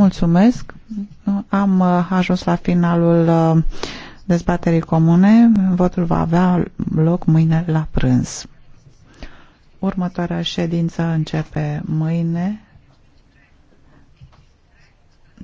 Mulțumesc. Am uh, ajuns la finalul uh, dezbaterii comune. Votul va avea loc mâine la prânz. Următoarea ședință începe mâine